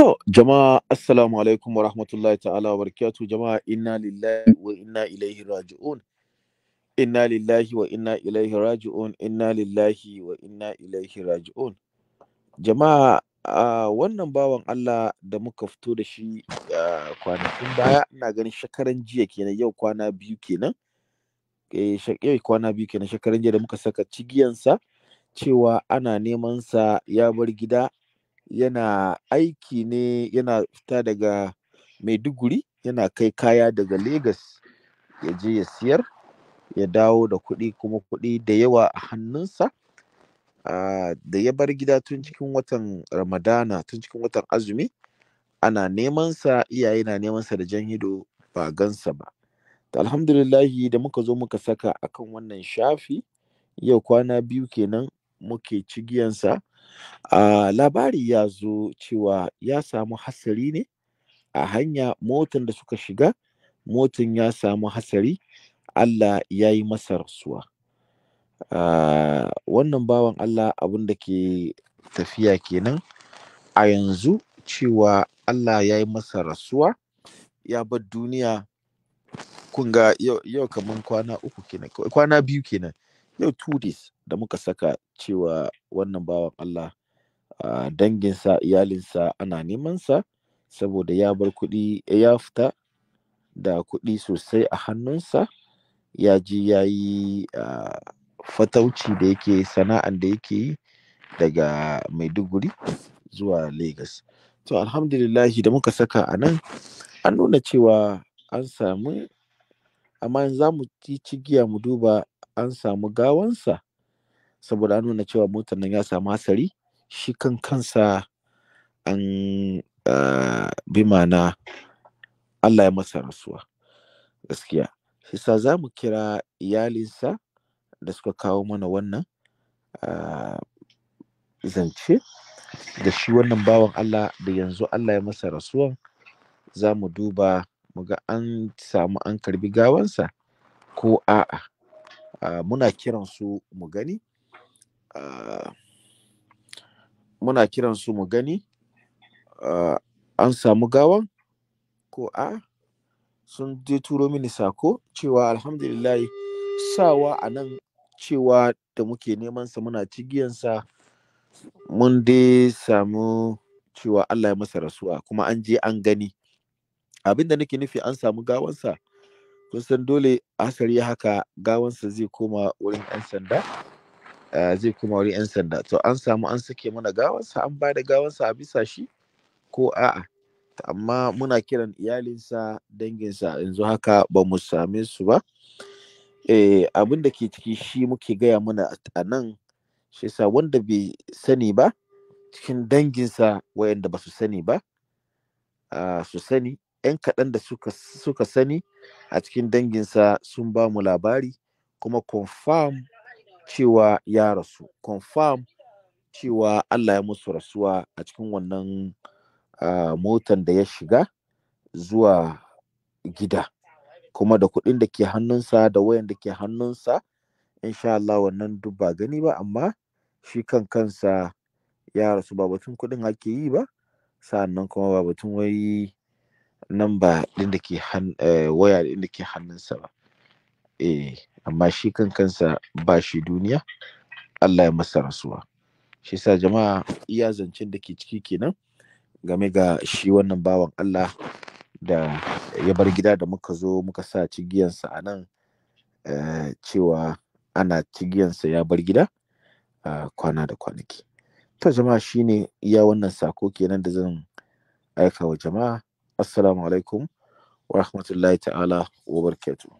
To, jama'a assalamu alaikum wa rahmatullahi ta'ala wa barakatuh jama'a inna lillahi wa inna ilaihi raji'un. Inna lillahi wa inna ilaihi raji'un, inna lillahi wa inna ilaihi raji'un. Jama'a wannan bawan Allah da muka fito da shi kwanakin baya ina ganin shekaran jiya kenan yau kwana biyu kenan. Eh, yau kwana biyu kenan shekaran jiya da muka saka cigiyansa cewa ana neman sa ya bar gida yana aiki ne yana fita daga maiduguri yana kai kaya daga Legas ya je ya siyar ya dawo da kuɗi kuma kuɗi da yawa a hannunsa da ya bar gida tun cikin watan ramadana tun cikin watan azumi ana nemansa iyaye na nemansa da jan hido ba gansa ba to alhamdulillahi da muka zo muka saka akan wannan shafi yau kwana biyu kenan muke cigiyansa a ah, labari ya zo cewa ya samu hasari ne a hanya motan da suka shiga motan ya samu hasari Allah ya yi masa rasuwa ah, wannan bawan Allah abin da ke tafiya kenan a yanzu cewa Allah ya yi masa rasuwa ya bar duniya Kunga yau kamar kwana uku kenan kwana biyu kenan yau two da muka saka cewa wannan bawan Allah uh, danginsa iyalinsa ana neman sa saboda ya bar kuɗi ya fita da kuɗi sosai a hannunsa ya ji ya yi uh, fatauci da yake sana'an da yake yi daga maiduguri zuwa lagos to alhamdulillah alhamdulillahi da muka saka a nan an nuna cewa an samu amma za mu ci cigiya mu duba an samu gawansa saboda an nuna cewa motar nan ya samu hasari shi kan kansa an ah, bi mana Allah ya masa rasuwa gaskiya shi sa za mu kira iyalinsa da suka kawo mana wannan ah, zance da shi wannan bawan Allah da yanzu Allah ya masa rasuwan za mu duba mu ga an samu an karbi gawansa ko a'a muna kiran su mu gani muna kiran su mu gani an samu gawan ko a sun je turo mini sako cewa alhamdulillah sawa a nan cewa da muke nemansa muna cigiyansa mun dai samu cewa Allah ya masa rasuwa kuma an je an gani abin da nake nufi an samu gawansa kun san dole asari haka gawansa zai koma wurin 'yan sanda eh, zai koma wurin 'yan sanda to an samu an sake mana gawansa an ba da gawansa a bisa shi ko a'a amma muna kiran iyalinsa danginsa yanzu haka ba mu same su ba eh, abin da ke ciki shi muke gaya mana a nan shi sa wanda bai sani ba cikin danginsa wayanda ba su sani ba ah, su sani 'yan kaɗan da suka, suka sani a cikin danginsa sun ba mu labari kuma confirm cewa ya rasu confirm cewa allah ya musu rasuwa a cikin wannan motan da ya shiga zuwa gida kuma da kuɗin da ke hannunsa da wayan da ke hannunsa insha Allah wannan duk ba gani ba amma shi kan kansa ya rasu ba batun kuɗin ake yi ba sa'annan kuma ba batun wai Nan ɗin da ke han eh, waya ɗin da ke hannunsa ba eh amma shi kan kansa ba shi duniya Allah ya masa rasuwa shi sa jama'a iya zancen da ke ciki kenan game ga shi wannan bawan Allah da ya bar gida da muka zo muka sa cigiyansa a nan eh, cewa ana cigiyansa ya bar gida kwana da kwanaki to jama'a shine iya wannan sako kenan da zan aika wa jama'a assalamu alaikum wa rahmatullahi ta'ala wa barakatuh